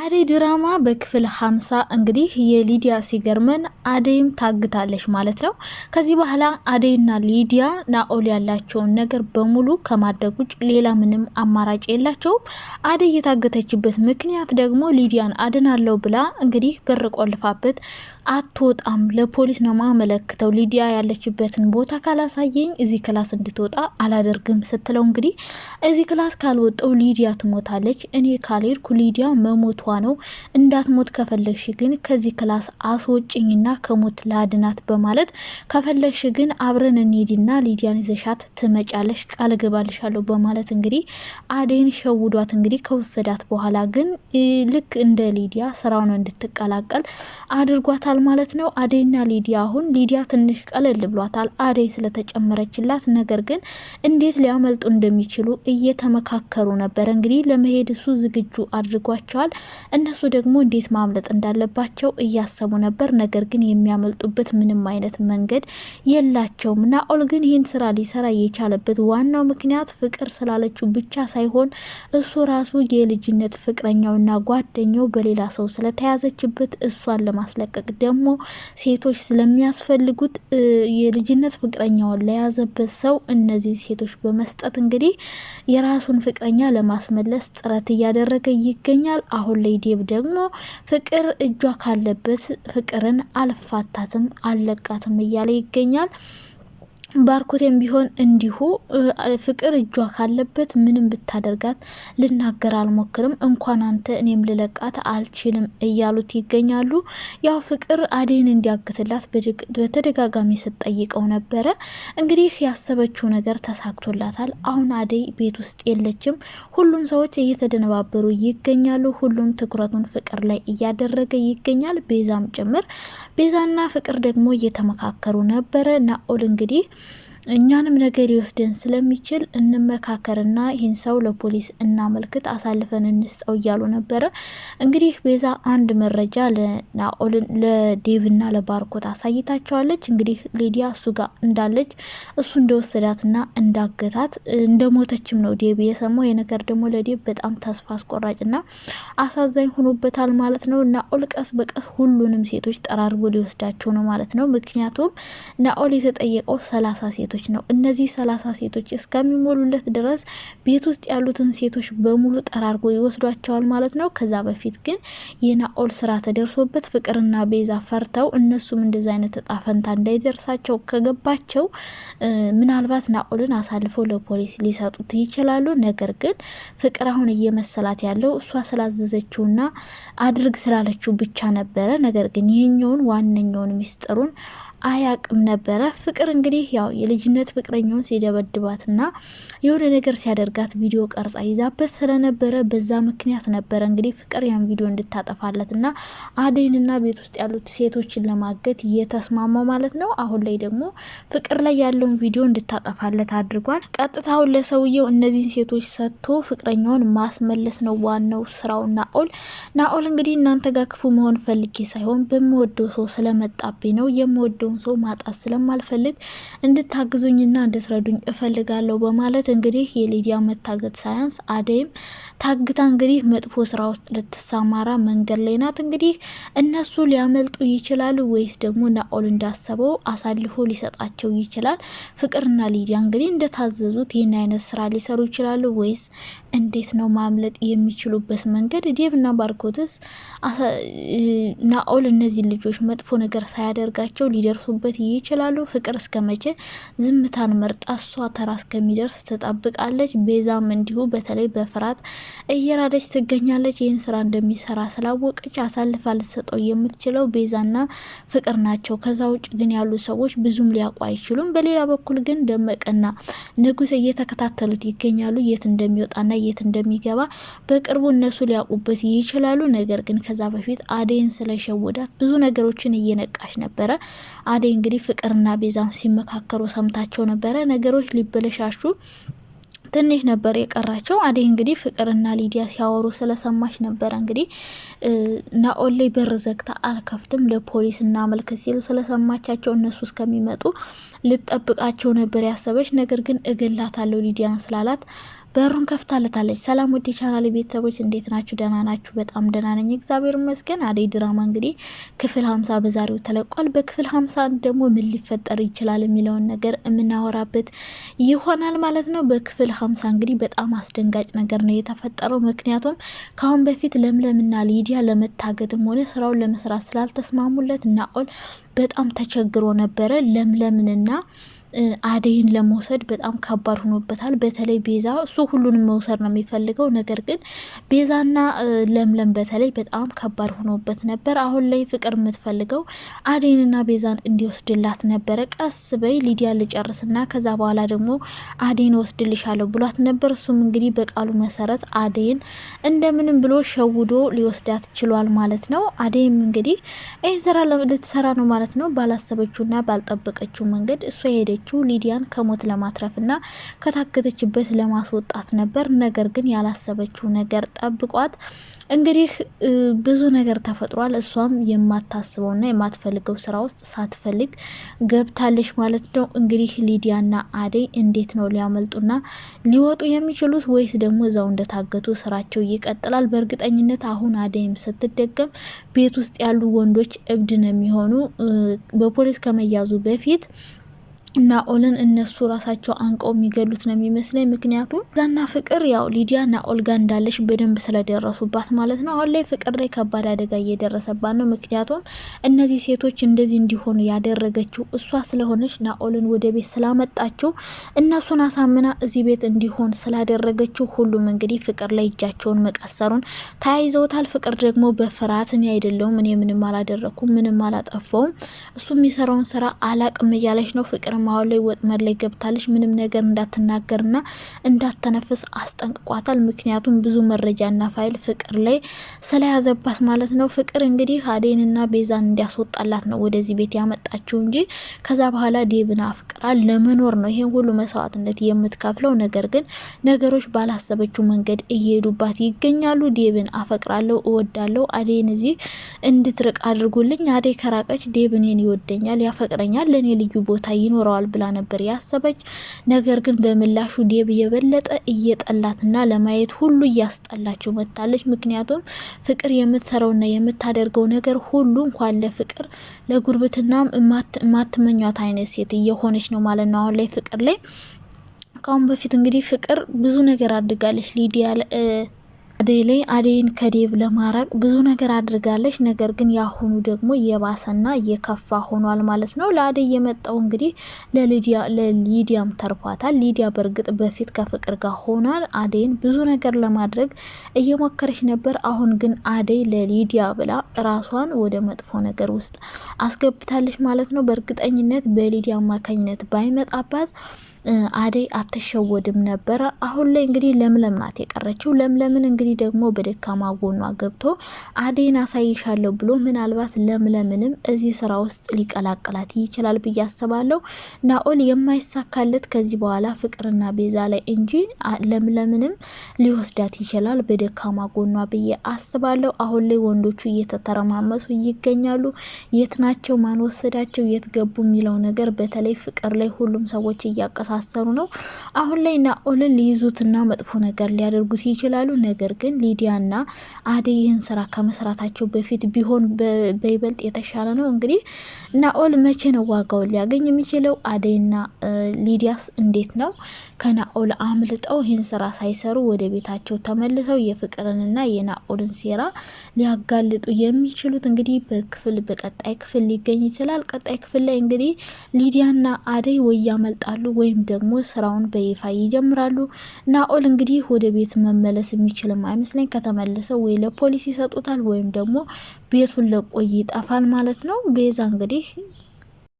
አደይ ድራማ በክፍል ሀምሳ እንግዲህ የሊዲያ ሲገርመን አደይም ታግታለች ማለት ነው። ከዚህ በኋላ አደይና ሊዲያ ናኦል ያላቸውን ነገር በሙሉ ከማድረግ ውጭ ሌላ ምንም አማራጭ የላቸውም። አደይ የታገተችበት ምክንያት ደግሞ ሊዲያን አድናለው ብላ እንግዲህ በር ቆልፋበት አትወጣም፣ ለፖሊስ ነው ማመለክተው፣ ሊዲያ ያለችበትን ቦታ ካላሳየኝ እዚህ ክላስ እንድትወጣ አላደርግም ስትለው እንግዲህ እዚህ ክላስ ካልወጣው ሊዲያ ትሞታለች፣ እኔ ካልሄድኩ ሊዲያ መሞት መሞቷ ነው። እንዳትሞት ከፈለግሽ ግን ከዚህ ክላስ አስወጭኝና ከሞት ላድናት በማለት ከፈለግሽ ግን አብረን እንሄድና ሊዲያን ይዘሻት ትመጫለሽ ቃል እገባልሻለሁ በማለት እንግዲህ አደይን ሸውዷት እንግዲህ ከወሰዳት በኋላ ግን ልክ እንደ ሊዲያ ስራውን እንድትቀላቀል አድርጓታል ማለት ነው። አደይና ሊዲያ አሁን ሊዲያ ትንሽ ቀለል ብሏታል አደይ ስለተጨመረችላት ነገር ግን እንዴት ሊያመልጡ እንደሚችሉ እየተመካከሩ ነበር። እንግዲህ ለመሄድ እሱ ዝግጁ አድርጓቸዋል። እነሱ ደግሞ እንዴት ማምለጥ እንዳለባቸው እያሰቡ ነበር። ነገር ግን የሚያመልጡበት ምንም አይነት መንገድ የላቸውም። ናኦል ግን ይህን ስራ ሊሰራ የቻለበት ዋናው ምክንያት ፍቅር ስላለችው ብቻ ሳይሆን እሱ ራሱ የልጅነት ፍቅረኛውና ጓደኛው በሌላ ሰው ስለተያዘችበት እሷን ለማስለቀቅ ደግሞ ሴቶች ስለሚያስፈልጉት የልጅነት ፍቅረኛውን ለያዘበት ሰው እነዚህ ሴቶች በመስጠት እንግዲህ የራሱን ፍቅረኛ ለማስመለስ ጥረት እያደረገ ይገኛል አሁን ሌዲብ ደግሞ ፍቅር እጇ ካለበት ፍቅርን አልፋታትም አልለቃትም እያለ ይገኛል። ባርኮቴም ቢሆን እንዲሁ ፍቅር እጇ ካለበት ምንም ብታደርጋት ልናገር አልሞክርም፣ እንኳን አንተ እኔም ልለቃት አልችልም እያሉት ይገኛሉ። ያው ፍቅር አዴን እንዲያግትላት በተደጋጋሚ ስትጠይቀው ነበረ። እንግዲህ ያሰበችው ነገር ተሳክቶላታል። አሁን አደይ ቤት ውስጥ የለችም። ሁሉም ሰዎች እየተደነባበሩ ይገኛሉ። ሁሉም ትኩረቱን ፍቅር ላይ እያደረገ ይገኛል። ቤዛም ጭምር። ቤዛና ፍቅር ደግሞ እየተመካከሩ ነበረ። ናኦል እንግዲህ እኛንም ነገር ሊወስደን ስለሚችል እንመካከርና ይህን ሰው ለፖሊስ እናመልክት፣ አሳልፈን እንስጠው እያሉ ነበረ። እንግዲህ ቤዛ አንድ መረጃ ለዴቭና ለባርኮት አሳይታቸዋለች። እንግዲህ ሌዲያ እሱ ጋር እንዳለች እሱ እንደወሰዳትና እንዳገታት እንደሞተችም ነው ዴቭ የሰማው። የነገር ደግሞ ለዴቭ በጣም ተስፋ አስቆራጭና አሳዛኝ ሆኖበታል ማለት ነው። ናኦል ቀስ በቀስ ሁሉንም ሴቶች ጠራርጎ ሊወስዳቸው ነው ማለት ነው። ምክንያቱም ናኦል የተጠየቀው ሰላሳ ሴቶች ሴቶች ነው። እነዚህ ሰላሳ ሴቶች እስከሚሞሉለት ድረስ ቤት ውስጥ ያሉትን ሴቶች በሙሉ ጠራርጎ ይወስዷቸዋል ማለት ነው። ከዛ በፊት ግን የናኦል ስራ ተደርሶበት ፍቅርና ቤዛ ፈርተው እነሱም እንደዚ አይነት እጣ ፈንታ እንዳይደርሳቸው ከገባቸው ምናልባት ናኦልን አሳልፈው ለፖሊስ ሊሰጡት ይችላሉ። ነገር ግን ፍቅር አሁን እየመሰላት ያለው እሷ ስላዘዘችውና አድርግ ስላለችው ብቻ ነበረ። ነገር ግን ይህኛውን ዋነኛውን ሚስጥሩን አያቅም ነበረ። ፍቅር እንግዲህ ያው የልጅ ልጅነት ፍቅረኛውን ሲደበድባትና የሆነ ነገር ሲያደርጋት ቪዲዮ ቀርጻ ይዛበት ስለነበረ በዛ ምክንያት ነበረ እንግዲህ ፍቅር ያን ቪዲዮ እንድታጠፋለትና አደይንና ቤት ውስጥ ያሉት ሴቶችን ለማገት እየተስማማው ማለት ነው። አሁን ላይ ደግሞ ፍቅር ላይ ያለውን ቪዲዮ እንድታጠፋለት አድርጓል። ቀጥታውን ለሰውየው እነዚህን ሴቶች ሰጥቶ ፍቅረኛውን ማስመለስ ነው ዋናው ስራው። ናኦል ናኦል እንግዲህ እናንተ ጋር ክፉ መሆን ፈልጌ ሳይሆን በምወደው ሰው ስለመጣብኝ ነው። የምወደውን ሰው ማጣት ስለማልፈልግ እንድታ እንድታግዙኝና እንድትረዱኝ እፈልጋለሁ በማለት እንግዲህ የሊዲያ መታገት ሳያንስ አደይም ታግታ እንግዲህ መጥፎ ስራ ውስጥ ልትሰማራ መንገድ ላይ ናት። እንግዲህ እነሱ ሊያመልጡ ይችላሉ ወይስ ደግሞ ናኦል እንዳሰበው አሳልፎ ሊሰጣቸው ይችላል? ፍቅርና ሊዲያ እንግዲህ እንደታዘዙት ይህን አይነት ስራ ሊሰሩ ይችላሉ ወይስ እንዴት ነው ማምለጥ የሚችሉበት መንገድ? ዴቭና ባርኮትስ ናኦል እነዚህ ልጆች መጥፎ ነገር ሳያደርጋቸው ሊደርሱበት ይችላሉ? ፍቅር እስከ መቼ ዝምታን መርጣ እሷ ተራ እስከሚደርስ ትጠብቃለች። ቤዛም እንዲሁ በተለይ በፍርሃት እየራደች ትገኛለች። ይህን ስራ እንደሚሰራ ስላወቀች አሳልፋ ልትሰጠው የምትችለው ቤዛና ፍቅር ናቸው። ከዛ ውጭ ግን ያሉ ሰዎች ብዙም ሊያውቁ አይችሉም። በሌላ በኩል ግን ደመቀና ንጉስ እየተከታተሉት ይገኛሉ። የት እንደሚወጣና የት እንደሚገባ በቅርቡ እነሱ ሊያውቁበት ይችላሉ። ነገር ግን ከዛ በፊት አዴን ስለሸወዳት ብዙ ነገሮችን እየነቃች ነበረ። አዴ እንግዲህ ፍቅርና ቤዛም ሲመካከሩ ሰምተ ሰምታቸው ነበረ። ነገሮች ሊበለሻሹ ትንሽ ነበር የቀራቸው። አደይ እንግዲህ ፍቅርና ሊዲያ ሲያወሩ ስለሰማች ነበረ እንግዲህ ናኦል ላይ በር ዘግታ አልከፍትም ለፖሊስ እናመልክት ሲሉ ስለሰማቻቸው እነሱ እስከሚመጡ ልጠብቃቸው ነበር ያሰበች። ነገር ግን እገላታለሁ ሊዲያን ስላላት በሩን ከፍታለታለች። ሰላም ውድ የቻናል ቤተሰቦች እንዴት ናችሁ? ደህና ናችሁ? በጣም ደህና ነኝ እግዚአብሔር ይመስገን። አደይ ድራማ እንግዲህ ክፍል ሀምሳ በዛሬው ተለቋል። በክፍል ሀምሳ አንድ ደግሞ ምን ሊፈጠር ይችላል የሚለውን ነገር የምናወራበት ይሆናል ማለት ነው። በክፍል ሀምሳ እንግዲህ በጣም አስደንጋጭ ነገር ነው የተፈጠረው። ምክንያቱም ከአሁን በፊት ለምለምና ሊዲያ ለመታገድም ሆነ ስራውን ለመስራት ስላልተስማሙለት ናኦል በጣም ተቸግሮ ነበረ ለምለምንና አደይን ለመውሰድ በጣም ከባድ ሆኖበታል። በተለይ ቤዛ እሱ ሁሉንም መውሰድ ነው የሚፈልገው። ነገር ግን ቤዛና ለምለም በተለይ በጣም ከባድ ሆኖበት ነበር። አሁን ላይ ፍቅር የምትፈልገው አደይንና ቤዛን እንዲወስድላት ነበረ። ቀስ በይ ሊዲያ ልጨርስና ከዛ በኋላ ደግሞ አደይን ወስድልሻለሁ ብሏት ነበር። እሱም እንግዲህ በቃሉ መሰረት አደይን እንደምንም ብሎ ሸውዶ ሊወስዳት ችሏል ማለት ነው። አደይም እንግዲህ ይህ ስራ ልትሰራ ነው ማለት ነው። ባላሰበችውና ባልጠበቀችው መንገድ እሷ ሄደች የፈለገችው ሊዲያን ከሞት ለማትረፍና ከታገተችበት ለማስወጣት ነበር። ነገር ግን ያላሰበችው ነገር ጠብቋት። እንግዲህ ብዙ ነገር ተፈጥሯል። እሷም የማታስበውና የማትፈልገው ስራ ውስጥ ሳትፈልግ ገብታለች ማለት ነው። እንግዲህ ሊዲያና አደይ እንዴት ነው ሊያመልጡና ሊወጡ የሚችሉት? ወይስ ደግሞ እዛው እንደታገቱ ስራቸው ይቀጥላል? በእርግጠኝነት አሁን አደይም ስትደገም ቤት ውስጥ ያሉ ወንዶች እብድ ነው የሚሆኑ በፖሊስ ከመያዙ በፊት ናኦልን እነሱ ራሳቸው አንቀው የሚገሉት ነው የሚመስለኝ። ምክንያቱም ዛና ፍቅር ያው ሊዲያ ናኦል ጋር እንዳለች በደንብ ስለደረሱባት ማለት ነው። አሁን ላይ ፍቅር ላይ ከባድ አደጋ እየደረሰባት ነው። ምክንያቱም እነዚህ ሴቶች እንደዚህ እንዲሆኑ ያደረገችው እሷ ስለሆነች ናኦልን ወደ ቤት ስላመጣችው እነሱን አሳምና እዚህ ቤት እንዲሆን ስላደረገችው ሁሉም እንግዲህ ፍቅር ላይ እጃቸውን መቀሰሩን ተያይዘውታል። ፍቅር ደግሞ በፍርሃት እኔ አይደለሁም እኔ ምንም አላደረግኩም ምንም አላጠፋውም እሱ የሚሰራውን ስራ አላቅም እያለች ነው ፍቅር ኪራም ላይ ወጥመድ ላይ ገብታለች። ምንም ነገር እንዳትናገርና እንዳትተነፍስ አስጠንቅቋታል። ምክንያቱም ብዙ መረጃና ፋይል ፍቅር ላይ ስለያዘባት ማለት ነው። ፍቅር እንግዲህ አዴንና ቤዛን እንዲያስወጣላት ነው ወደዚህ ቤት ያመጣችው እንጂ ከዛ በኋላ ዴብን አፍቅራ ለመኖር ነው ይሄን ሁሉ መስዋዕትነት የምትከፍለው። ነገር ግን ነገሮች ባላሰበችው መንገድ እየሄዱባት ይገኛሉ። ዴብን አፈቅራለሁ፣ እወዳለሁ፣ አዴን እዚህ እንድትርቅ አድርጉልኝ፣ አዴ ከራቀች ዴብ እኔን ይወደኛል፣ ያፈቅረኛል፣ ለእኔ ልዩ ቦታ ይኖረ ይኖረዋል ብላ ነበር ያሰበች። ነገር ግን በምላሹ ዴብ የበለጠ እየጠላትና ለማየት ሁሉ እያስጠላችው መጥታለች። ምክንያቱም ፍቅር የምትሰራውና የምታደርገው ነገር ሁሉ እንኳን ለፍቅር ለጉርብትናም የማትመኛት አይነት ሴት እየሆነች ነው ማለት ነው አሁን ላይ ፍቅር ላይ ከአሁን በፊት እንግዲህ ፍቅር ብዙ ነገር አድርጋለች ሊዲያ አደይ ላይ አደይን ከዴብ ለማራቅ ብዙ ነገር አድርጋለች። ነገር ግን ያሁኑ ደግሞ እየባሰና እየከፋ ሆኗል ማለት ነው። ለአደይ የመጣው እንግዲህ ለሊዲያም ተርፏታል። ሊዲያ በእርግጥ በፊት ከፍቅር ጋር ሆኗል አደይን ብዙ ነገር ለማድረግ እየሞከረች ነበር። አሁን ግን አደይ ለሊዲያ ብላ ራሷን ወደ መጥፎ ነገር ውስጥ አስገብታለች ማለት ነው። በእርግጠኝነት በሊዲያ አማካኝነት ባይመጣባት አደይ አትሸወድም ነበረ። አሁን ላይ እንግዲህ ለምለም ናት የቀረችው። ለምለምን እንግዲህ ደግሞ በደካማ ጎኗ ገብቶ አደይን አሳይሻለሁ ብሎ ምናልባት ለምለምንም እዚህ ስራ ውስጥ ሊቀላቀላት ይችላል ብዬ አስባለሁ። ናኦል የማይሳካለት ከዚህ በኋላ ፍቅርና ቤዛ ላይ እንጂ ለምለምንም ሊወስዳት ይችላል በደካማ ጎኗ ብዬ አስባለሁ። አሁን ላይ ወንዶቹ እየተተረማመሱ ይገኛሉ። የት ናቸው? ማን ወሰዳቸው? የት ገቡ? የሚለው ነገር በተለይ ፍቅር ላይ ሁሉም ሰዎች እያቀሳ እየተመሳሰሉ ነው። አሁን ላይ ናኦልን ሊይዙትና መጥፎ ነገር ሊያደርጉት ይችላሉ። ነገር ግን ሊዲያና አደይ ይህን ስራ ከመስራታቸው በፊት ቢሆን በይበልጥ የተሻለ ነው። እንግዲህ ናኦል መቼ ነው ዋጋውን ሊያገኝ የሚችለው? አደይና ሊዲያስ እንዴት ነው ከናኦል አምልጠው ይህን ስራ ሳይሰሩ ወደ ቤታቸው ተመልሰው የፍቅርንና የናኦልን ሴራ ሊያጋልጡ የሚችሉት እንግዲህ በክፍል በቀጣይ ክፍል ሊገኝ ይችላል። ቀጣይ ክፍል ላይ እንግዲህ ሊዲያና አደይ ወይ ያመልጣሉ ወይም ደግሞ ስራውን በይፋ ይጀምራሉ። ናኦል እንግዲህ ወደ ቤት መመለስ የሚችልም አይመስለኝ። ከተመለሰ ወይ ለፖሊስ ይሰጡታል ወይም ደግሞ ቤቱን ለቆይ ይጠፋል ማለት ነው። ቤዛ እንግዲህ